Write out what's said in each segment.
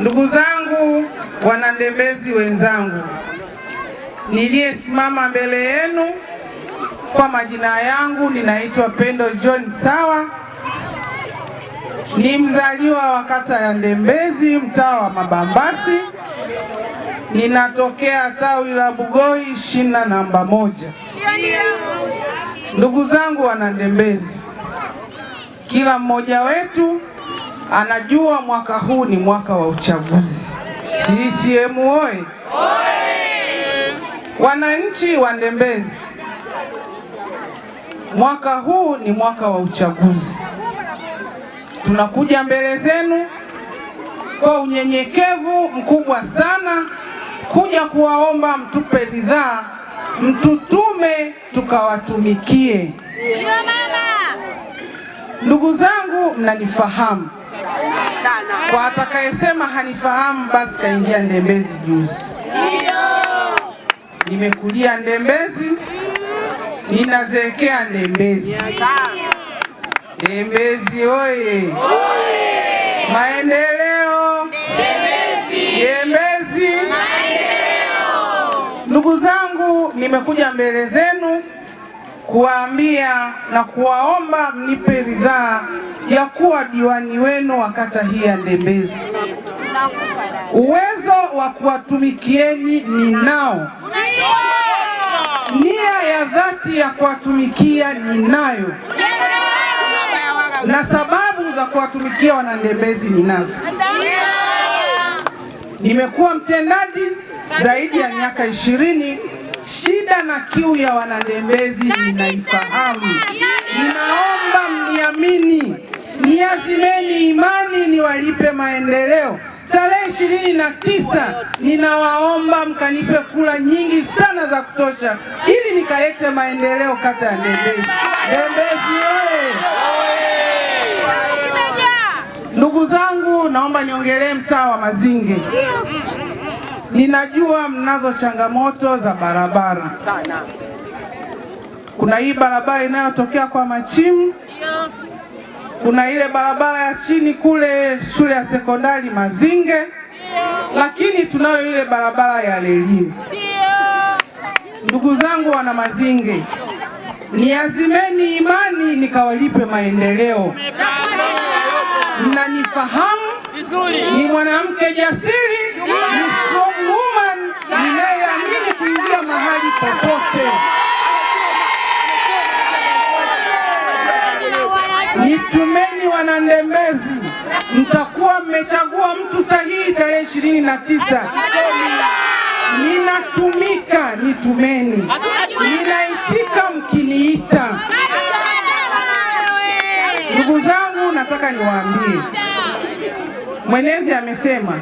Ndugu zangu wanandembezi wenzangu, niliyesimama mbele yenu kwa majina yangu ninaitwa Pendo John Sawa, ni mzaliwa wa kata ya Ndembezi, mtaa wa Mabambasi. Ninatokea tawi la Bugoi, shina namba moja. Ndugu zangu wanandembezi, kila mmoja wetu anajua mwaka huu ni mwaka wa uchaguzi. CCM oye! Wananchi wa Ndembezi, mwaka huu ni mwaka wa uchaguzi. Tunakuja mbele zenu kwa unyenyekevu mkubwa sana kuja kuwaomba mtupe ridhaa, mtutume tukawatumikie. Ndugu zangu, mnanifahamu sana. Kwa atakayesema hanifahamu basi kaingia Ndembezi juzi. Nimekulia Ndembezi, ninazeekea Ndembezi. Ndembezi oye! Maendeleo Ndembezi! Ndugu zangu, nimekuja mbele zenu kuwaambia na kuwaomba mnipe ridhaa ya kuwa diwani wenu wa kata hii ya Ndembezi. Uwezo wa kuwatumikieni ninao, nia ya dhati ya kuwatumikia ninayo, na sababu za kuwatumikia wanandembezi ninazo. Nimekuwa mtendaji zaidi ya miaka ishirini Shida na kiu ya wanandembezi ninaifahamu, ninaomba mniamini, niazimeni imani, niwalipe maendeleo. Tarehe ishirini na tisa ninawaomba mkanipe kula nyingi sana za kutosha, ili nikalete maendeleo kata ya Ndembezi. Ndembezi oye! Ndugu zangu, naomba niongelee mtaa wa Mazinge. Ninajua mnazo changamoto za barabara. Kuna hii barabara inayotokea kwa Machimu, kuna ile barabara ya chini kule shule ya sekondari Mazinge, lakini tunayo ile barabara ya Lelini. Ndugu zangu wana Mazinge, niazimeni imani nikawalipe maendeleo. Mnanifahamu, ni mwanamke jasiri ninayeamini kuingia mahali popote Nitumeni wanandembezi, mtakuwa mmechagua mtu sahihi tarehe ishirini na tisa. Ninatumika, nitumeni, ninaitika mkiniita. Ndugu zangu, nataka niwaambie Mwenezi amesema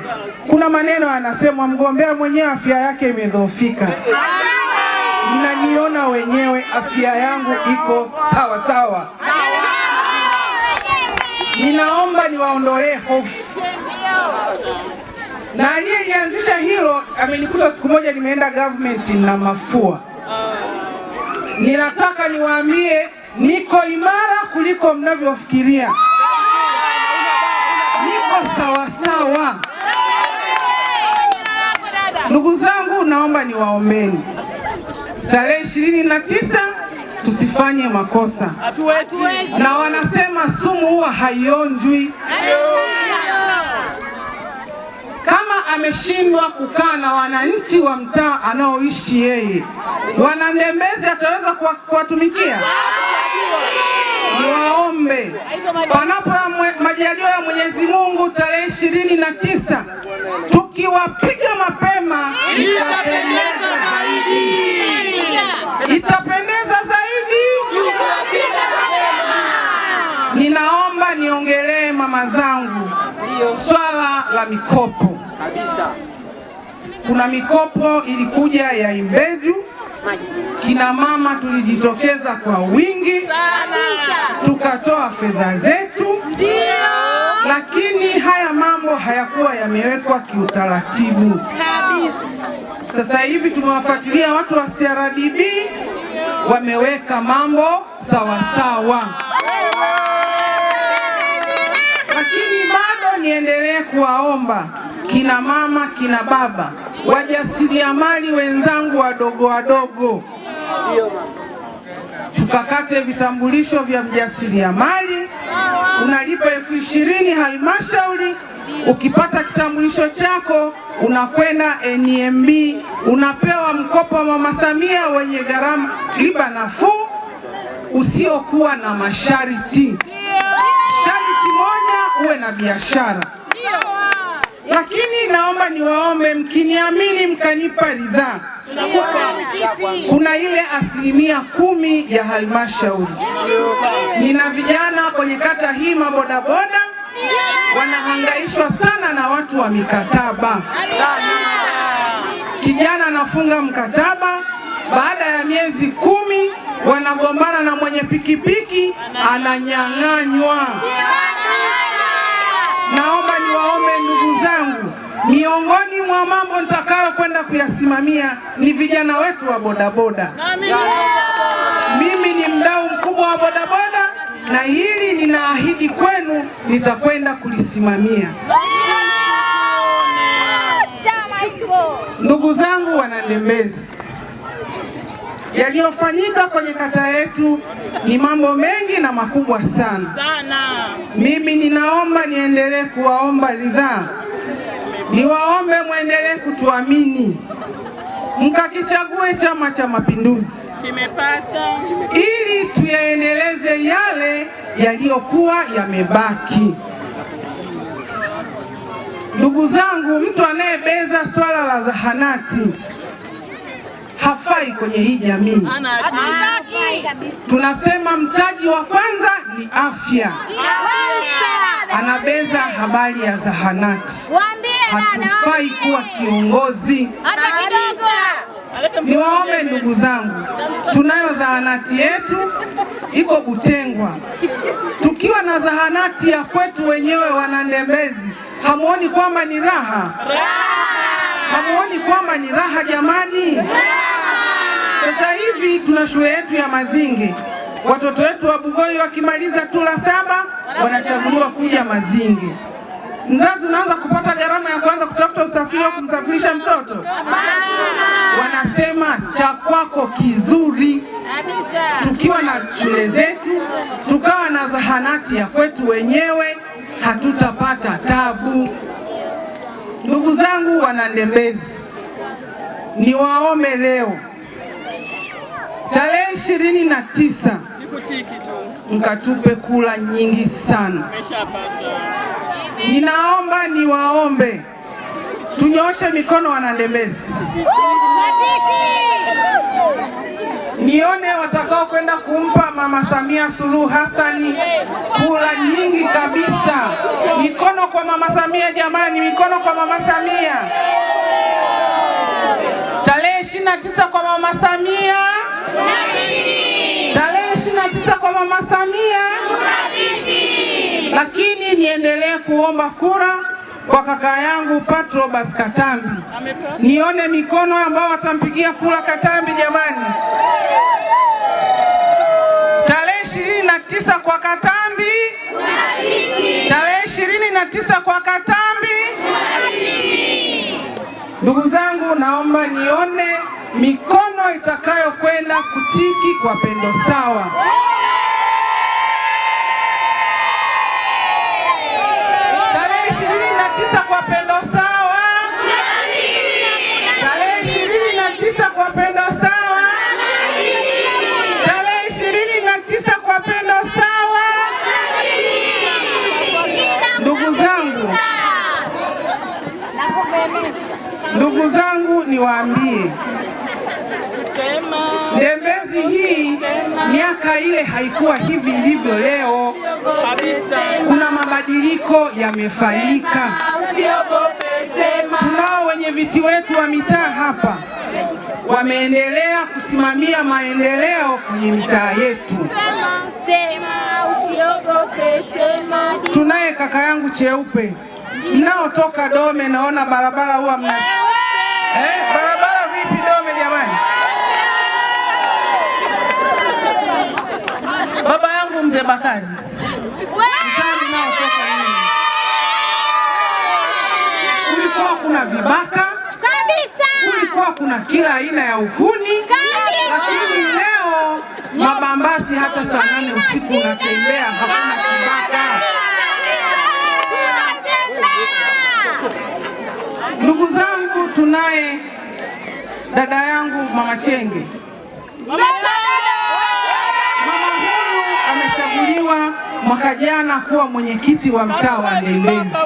kuna maneno anasema mgombea mwenyewe afya yake imedhoofika, mnaniona wenyewe, afya yangu iko sawa sawa. Ninaomba niwaondolee hofu, na aliyeianzisha hilo amenikuta siku moja nimeenda government na mafua. Ninataka niwaambie niko imara kuliko mnavyofikiria sawa. Ndugu zangu, naomba niwaombeni tarehe ishirini na tisa tusifanye makosa, na wanasema sumu huwa haionjwi. Kama ameshindwa kukaa na wananchi wa mtaa anaoishi yeye, Wanandembezi ataweza kuwatumikia? niwaombe panapo majaliwa ya Mwenyezi Mungu, tarehe ishirini na tisa tukiwapiga mapema itapendeza zaidi, itapendeza zaidi. Ninaomba niongelee mama zangu swala la mikopo. Kuna mikopo ilikuja ya Imbeju Kina mama tulijitokeza kwa wingi sana, tukatoa fedha zetu ndio, lakini haya mambo hayakuwa yamewekwa kiutaratibu kabisa. Sasa hivi tumewafuatilia watu wa CRDB wameweka mambo sawasawa sawa. Lakini bado niendelee kuwaomba kina mama, kina baba wajasiriamali wenzangu wadogo wadogo, tukakate vitambulisho vya mjasiriamali, unalipa elfu ishirini halmashauri. Ukipata kitambulisho chako unakwenda NMB, e unapewa mkopo wa Mama Samia wenye gharama riba nafuu usiokuwa na masharti. Sharti moja, uwe na biashara lakini naomba niwaombe, mkiniamini mkanipa ridhaa, kuna ile asilimia kumi ya halmashauri. Nina vijana kwenye kata hii mabodaboda wanahangaishwa sana na watu wa mikataba. Kijana anafunga mkataba, baada ya miezi kumi wanagombana na mwenye pikipiki, ananyang'anywa naomba niwaombe ndugu zangu, miongoni mwa mambo nitakayo kwenda kuyasimamia ni vijana wetu wa bodaboda. Mimi ni mdau mkubwa wa bodaboda, na hili ninaahidi kwenu nitakwenda kulisimamia. Ndugu zangu Wanandembezi, Yaliyofanyika kwenye kata yetu ni mambo mengi na makubwa sana. Mimi ninaomba niendelee kuwaomba ridhaa, niwaombe mwendelee kutuamini, mkakichague Chama cha Mapinduzi ili tuyaendeleze yale yaliyokuwa yamebaki. Ndugu zangu, mtu anayebeza swala la zahanati hafai kwenye hii jamii. Tunasema mtaji wa kwanza ni afya. Anabeza habari ya zahanati, hatufai kuwa kiongozi. Niwaombe ndugu zangu, tunayo zahanati yetu iko Butengwa. Tukiwa na zahanati ya kwetu wenyewe Wanandembezi, hamuoni kwamba ni raha? Hamuoni kwamba ni raha jamani? Sasa hivi tuna shule yetu ya Mazingi, watoto wetu wa Bugoi wakimaliza tu la saba wanachaguliwa kuja Mazingi. Mzazi unaanza kupata gharama ya kuanza kutafuta usafiri wa kumsafirisha mtoto, wanasema cha kwako kizuri. Tukiwa na shule zetu, tukawa na zahanati ya kwetu wenyewe, hatutapata tabu. Ndugu zangu Wanandembezi, niwaombe leo tarehe ishirini na tisa mkatupe kula nyingi sana. Ninaomba niwaombe tunyooshe mikono wanandembezi, nione watakao kwenda kumpa Mama Samia Suluhu Hasani kula nyingi kabisa. Mikono kwa Mama Samia jamani, mikono kwa Mama Samia, tarehe tisa kwa Mama Samia tarehe ishirini kwa Mama Samia, lakini niendelee kuomba kura kwa kaka yangu Patrobas Katambi, nione mikono ambao watampigia kura Katambi. Jamani, tarehe 29 kwa Katambi, tarehe 29 kwa Katambi. Ndugu zangu, naomba nione mikono itakayokwenda kutiki kwa pendo sawa. Tarehe ishirini na tisa kwa pendo sawa, tarehe ishirini na tisa kwa pendo sawa, tarehe ishirini na tisa kwa pendo sawa. Ndugu zangu, ndugu zangu, niwaambie Ndembezi hii miaka ile haikuwa hivi ilivyo leo. Kuna mabadiliko yamefanyika. Tunao wenye viti wetu wa mitaa hapa wameendelea kusimamia maendeleo kwenye mitaa yetu. Tunaye kaka yangu Cheupe, mnaotoka Dome naona barabara huwa mna eh, Mzee Bakari kulikuwa kuna vibaka kabisa, kulikuwa kuna kila aina ya uhuni kabisa. Lakini leo mabambazi hata saa nane usiku unatembea, hakuna kibaka. Ndugu zangu, tunaye dada yangu Mama Chenge alichaguliwa mwaka jana kuwa mwenyekiti wa mtaa wa Ndembezi,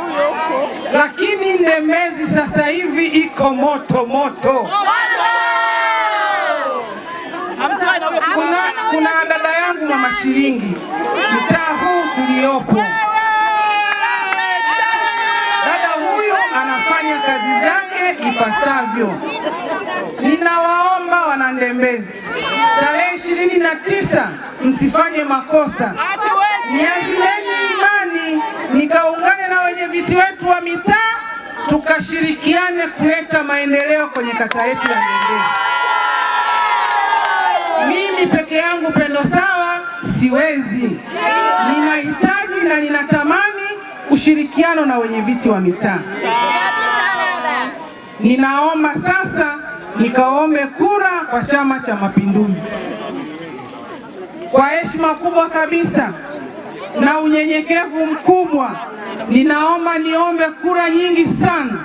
lakini Ndembezi sasa hivi iko moto moto. Kuna, kuna dada yangu Mama Shilingi, mtaa huu tuliopo, dada huyo anafanya kazi zake ipasavyo. Ninawaomba wanandembezi, tarehe ishirini na tisa msifanye makosa, niazimeni imani, nikaungane na wenye viti wetu wa mitaa tukashirikiane kuleta maendeleo kwenye kata yetu ya Ndembezi. Mimi peke yangu Pendo Sawa siwezi, ninahitaji na ninatamani ushirikiano na wenye viti wa mitaa. Ninaomba sasa nikaombe kura kwa Chama cha Mapinduzi. Kwa heshima kubwa kabisa na unyenyekevu mkubwa, ninaomba niombe kura nyingi sana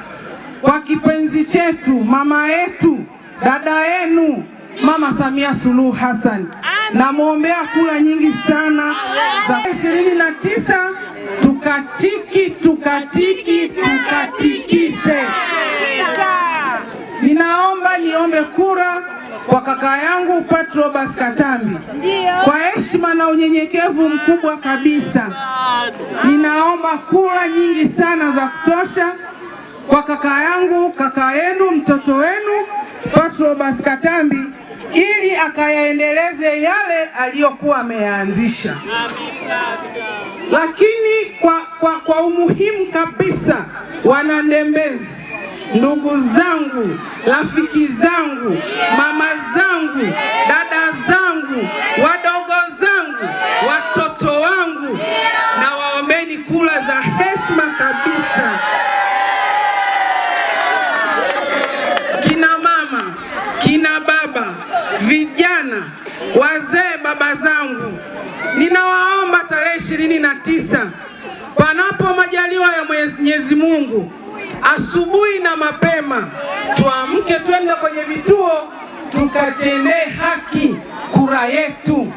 kwa kipenzi chetu, mama yetu, dada yenu, Mama Samia Suluhu Hassan. Namwombea kura nyingi sana za ishirini na tisa, tukatiki tukatiki tukatikise. Ninaomba niombe kura kwa kaka yangu Pat Robas kwa heshima na unyenyekevu mkubwa kabisa. Ninaomba kura nyingi sana za kutosha kwa kaka yangu, kaka yenu, mtoto wenu Pat Katambi ili akayaendeleze yale aliyokuwa ameyaanzisha. Lakini kwa, kwa, kwa umuhimu kabisa, Wanandembezi ndugu zangu, rafiki zangu, mama zangu, dada zangu, wadogo zangu, watoto wangu, na waombeni kula za heshima kabisa. Kina mama, kina baba, vijana, wazee, baba zangu, ninawaomba tarehe ishirini na tisa panapo majaliwa ya Mwenyezi Mungu asubuhi na mapema, tuamke twende kwenye vituo tukatendee haki kura yetu.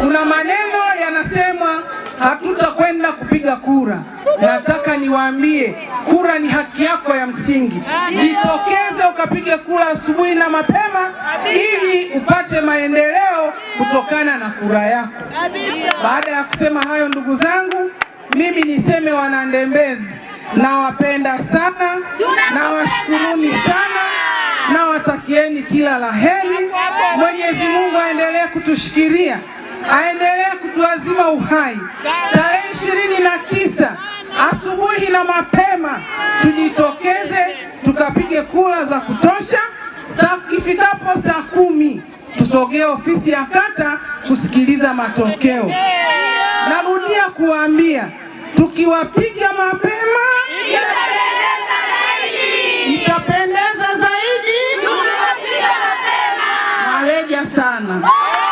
Kuna maneno yanasema hatutakwenda kupiga kura. Nataka niwaambie, kura ni haki yako ya msingi. Jitokeze ukapige kura asubuhi na mapema, ili upate maendeleo kutokana na kura yako. Baada ya kusema hayo, ndugu zangu, mimi niseme Wanandembezi, Nawapenda sana, nawashukuruni sana, nawatakieni kila la heri. Mwenyezi Mungu aendelee kutushikilia, aendelee kutuazima uhai. Tarehe ishirini na tisa asubuhi na mapema tujitokeze tukapige kura za kutosha. Sa ifikapo saa kumi tusogee ofisi ya kata kusikiliza matokeo. Narudia kuwaambia tukiwapiga mapema itapendeza zaidi, zaidi tukiwapiga mapema. Maleja sana.